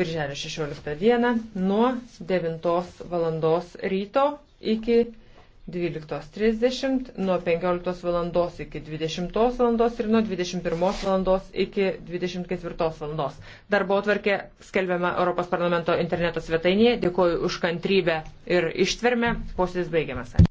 birželio 16 dieną nuo 9 val. ryto iki 12.30, nuo 15 val. iki 20 val. ir nuo 21 val. iki 24 val. Darbo atvarkė skelbiama Europos parlamento interneto svetainėje. Dėkuoju už kantrybę ir ištvermę. Posėdis baigiamas.